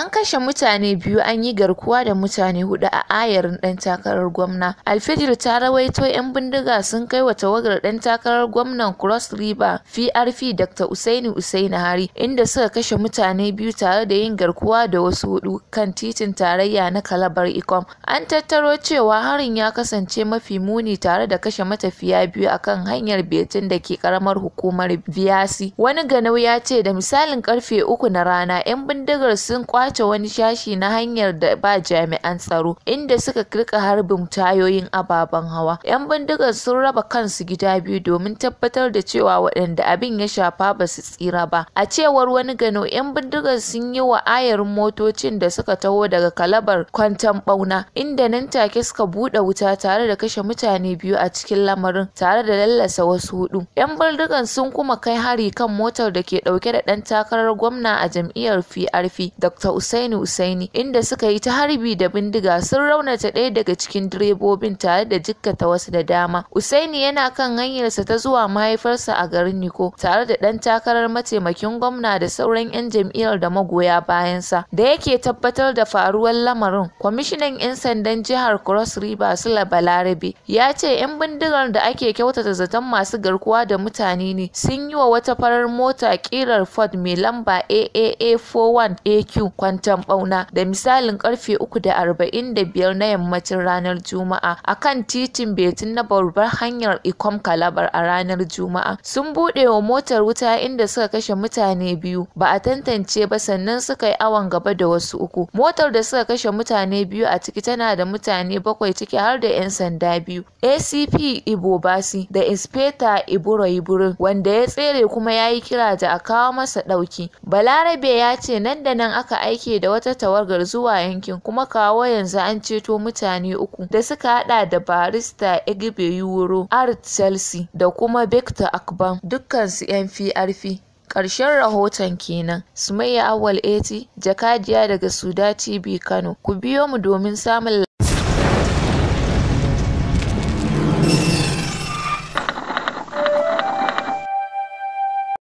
An kashe mutane biyu an yi garkuwa da mutane hudu a ayarin ɗan takarar gwamna. Alfijir ta rawaito 'yan bindiga sun kai wa tawagar ɗan takarar gwamnan Cross River PRP Dr. Usaini Usaini hari inda suka kashe mutane biyu tare da yin garkuwa da wasu hudu kan titin tarayya na Kalabar Ikom. An tattaro cewa harin ya kasance mafi muni tare da kashe matafiya biyu akan hanyar Betin da ke karamar hukumar Biyasi. Wani ganau ya ce da misalin karfe uku na rana 'yan bindigar sun kwashe kwace wani shashi na hanyar da ba jami'an tsaro inda suka rika harbin tayoyin ababen hawa. 'Yan bindigar sun raba kansu gida biyu domin tabbatar da cewa waɗanda abin ya shafa ba su tsira ba. A cewar wani gano 'yan bindigar sun yi wa ayarin motocin da suka taho daga kalabar kwantan bauna inda nan take suka buɗe wuta tare da kashe mutane biyu a cikin lamarin tare da lallasa wasu hudu. 'Yan bindigar sun kuma kai hari kan motar da ke ɗauke da ɗan takarar gwamna a jam'iyyar PRP Dr. Usaini Usaini inda suka yi ta harbi da bindiga sun raunata ɗaya daga cikin direbobin tare da jikkata wasu da dama. Usaini yana kan hanyarsa ta zuwa mahaifarsa a garin Niko tare da ɗan takarar mataimakin gwamna da sauran 'yan jam'iyyar da magoya bayansa da yake tabbatar da faruwar lamarin. Kwamishinan 'yan sandan jihar Cross River Sula Balarabe ya ce 'yan bindigar da ake kyautata zaton masu garkuwa da mutane ne sun yi wa wata farar mota ƙirar Ford mai lamba AAA 41 AQ kwanton bauna da misalin karfe uku da arba'in da biyar na yammacin ranar juma'a a kan titin betin na babbar hanyar ikom kalabar a ranar juma'a sun buɗewa wa motar wuta inda suka kashe mutane biyu ba a tantance ba sannan suka yi awon gaba da wasu uku motar da suka kashe mutane biyu a ciki tana da mutane bakwai ciki har da 'yan sanda biyu acp ibobasi da inspector iburo wanda ya tsere kuma ya yi kira da a kawo masa ɗauki balarabe ya ce nan da nan aka aiki da wata tawagar zuwa yankin kuma kawo yanzu an ceto mutane uku da suka hada da barista Egbe Yuro, Art Chelsea da kuma Victor akban dukkansu 'yan PRP. Ƙarshen rahoton kenan. Sumayya Awal Eti, jakadiya daga Suda TV Kano. Ku biyo mu domin samun